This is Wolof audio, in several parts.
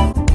Thank you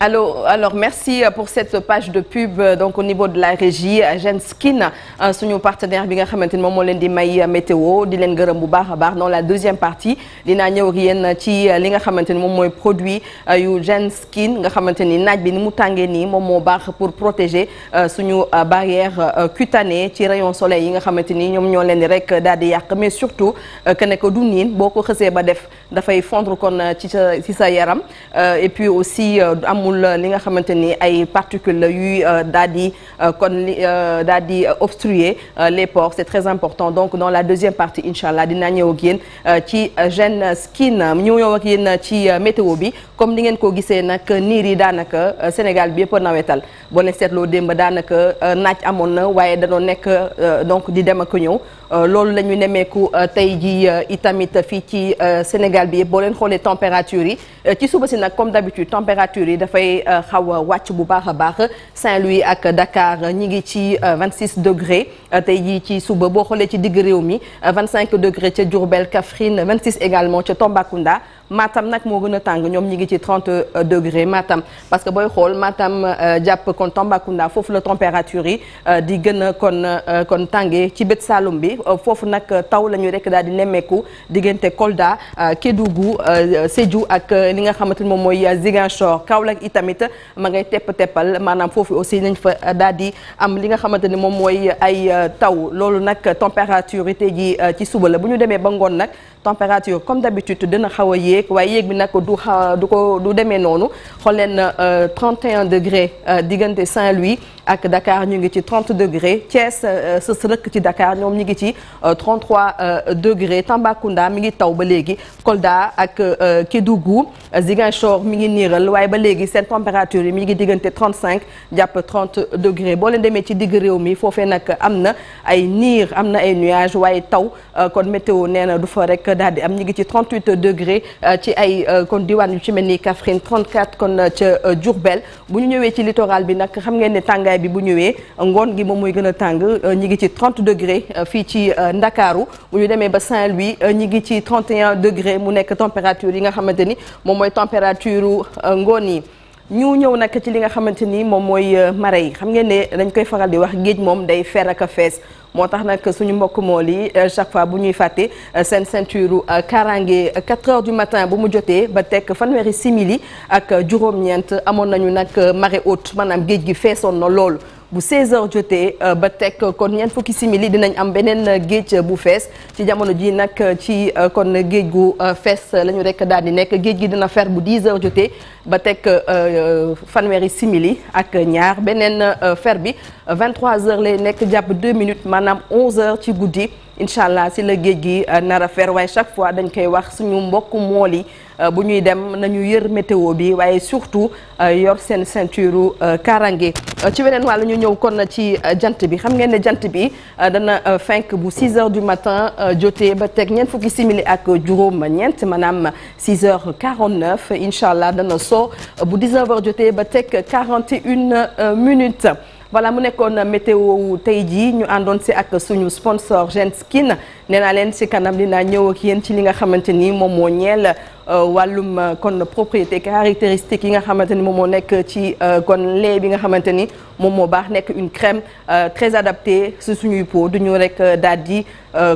alors alors merci euh, pour cette page de pub euh, donc au niveau de la régie Genskin euh, suñu partenaire bi nga xamante ni moom moo leen di may météo di leen gërëm bu baax a baax dans la deuxième partie dinaa ñëw ak yéen ci li nga xamante ni moom mooy produit yu Genskin nga xamante ni naaj bi ni mu tàngee nii moom moo baax pour protéger suñu barrière cutanée ci rayon soleil yi nga xamante ni ñoom ñoo leen di rek daal di yàq mais surtout que ne du niin boo ko xësee ba def dafay fondre kon ci sa ci sa yaram amul euh, li nga xamante ni ay particules la yuy euh, daal di euh, kon li daal di obstruer les pores c'est très important donc dans la deuxième partie incha allah dina ñëw ak yéen ci gène skin ñu ñëw ak yéen ci météo bi comme ni ngeen ko gisee nag niir yi daanaka Sénégal bi yëpp nawetal boo leen seetloo démb daanaka naaj amoon na waaye danoo nekk donc di dem ak ñëw loolu la ñu nemmeeku tey ji itamit fii ci Sénégal bi yëpp boo leen xoolee température yi ci suba si nag comme d'habitude dafay euh, xaw a wàcc bu baax a baax Saint-Louis ak Dakar ñi ngi ci 26 euh, degré euh, tey jii ci suba boo xoolee ci digg réew mi 25 degré ca Diourbel vingt 26 également ca Tambacounda. Matam nag moo gën a tàng ñoom ñi ngi ci 30 euh, degré maatam parce que booy xool Matam euh, jàpp kon Tambacounda foofu la température yi euh, di gën a kon kon tàngee ci bët Saalum bi foofu nag taw la ñuy rek daal di nemmeeku diggante Kolda Kédougou Sédhiou ak li nga xamante ni moom mooy Ziguinchor Kaolack itamit ma ngay tepp teppal maanaam foofu aussi nañ fa daal di am li nga xamante ni moom mooy ay taw loolu nag température yi tey jii ci suba la bu ñu demee ba ngoon nag température comme d'habitude dina xaw a yee waaye yéeg bi nag du xa du ko du demee noonu xool leen 31 euh, degré euh, diggante Saint-Louis ak dakaar ñu ngi ci 30 degré Thiès euh, sës rëkk ci Dakar ñoom ñu ngi ci 33 degré Tambacounda mi ngi taw ba léegi Kolda ak Kédougou Ziguinchor mi ngi niiral waaye ba léegi seen température yi mi ngi diggante 35 jàpp 30 degré boo leen demee ci diggu réew mi foofee nag am na ay niir am na ay nuages waaye taw kon météo nee na du fa rek daal di am ñu ngi ci 38 degré. Euh, ci ay euh, kon diwaan yu ci mel ni Kaffrine 34 kon euh, ca Diourbel bu ñu ñëwee ci littoral bi nag xam ngeen ne tàngaay bi bu ñëwee ngoon gi moom mooy gën a tàng ñi ngi ci 30 degré fii ci Ndakaaru bu ñu demee ba Saint-Louis ñi ngi ci 31 degré mu nekk température yi nga xamante ni moom mooy température ngoon yi. ñu ñëw nag ci li nga xamante ni moom mooy euh, mare yi xam ngeen ne dañ koy faral di wax géej moom day fer ak a fees moo tax nag suñu mbokk mool yi euh, chaque fois bu ñuy fàtte euh, seen ceinture kaaraange 4 heures du matin bu mu jotee ba tekk fanweeri simili ak juróom-ñeent amoon nañu nag marée haute maanaam géej gi feesoon na loolu bu 16h jotee euh, ba teg kon ñeent fukki simili dinañ am beneen euh, géej euh, bu fees ci jamono ji nag ci kon géej gu fees lañu rekk rek daal di nekk géej gi dina fer bu 10h jotee ba teg fanweeri simili ak ñaar beneen fer bi 23h lay nekk jàpp 2 minutes maanaam 11h ci guddi incha allah si la géej gi nara a fer waaye chaque fois dañ koy wax suñu mbokku mool Euh, bu ñuy dem nañu yër météo bi waaye surtout euh, yor seen ceinture euh, kaarange ci weneen wàll ñu ñëw kon ci jant bi xam ngeen ne jant bi dana fenk bu 6 heures du matin jotee ba teg ñeent fukki simili ak juróom ñeent maanaam 6 heures 49 incha allah dana soo bu 19 jotee ba teg 41 minutes. voilà mu nekkoon météo wu tey jii ñu àndoon si ak suñu sponsor Genskin nee naa leen si kanam dinaa ñëw ak yéen ci li nga xamante ni moom moo ñeel. Euh, wàllum euh, kon propriété caractéristique yi nga xamante ni moom moo nekk ci euh, kon lait bi nga xamante ni moom moo baax nekk une crème très adaptée si suñuy peau du ñu rek daal di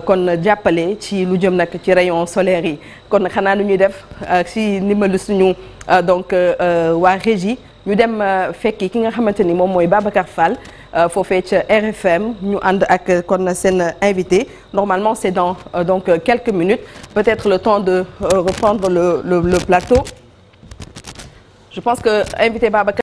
kon jàppale ci lu jëm nag ci rayon solaire yi kon xanaa nu ñuy def si ndimbalu suñu donc waa régie ñu dem fekki ki nga xamante ni moom mooy Babacar Fall. Euh, foofee ca RFM ñu ànd ak euh, kon seen invité normalement c'est dans euh, donc quelques minutes peut-être le temps de reprendre le le, le plateau je pense que invité Babacar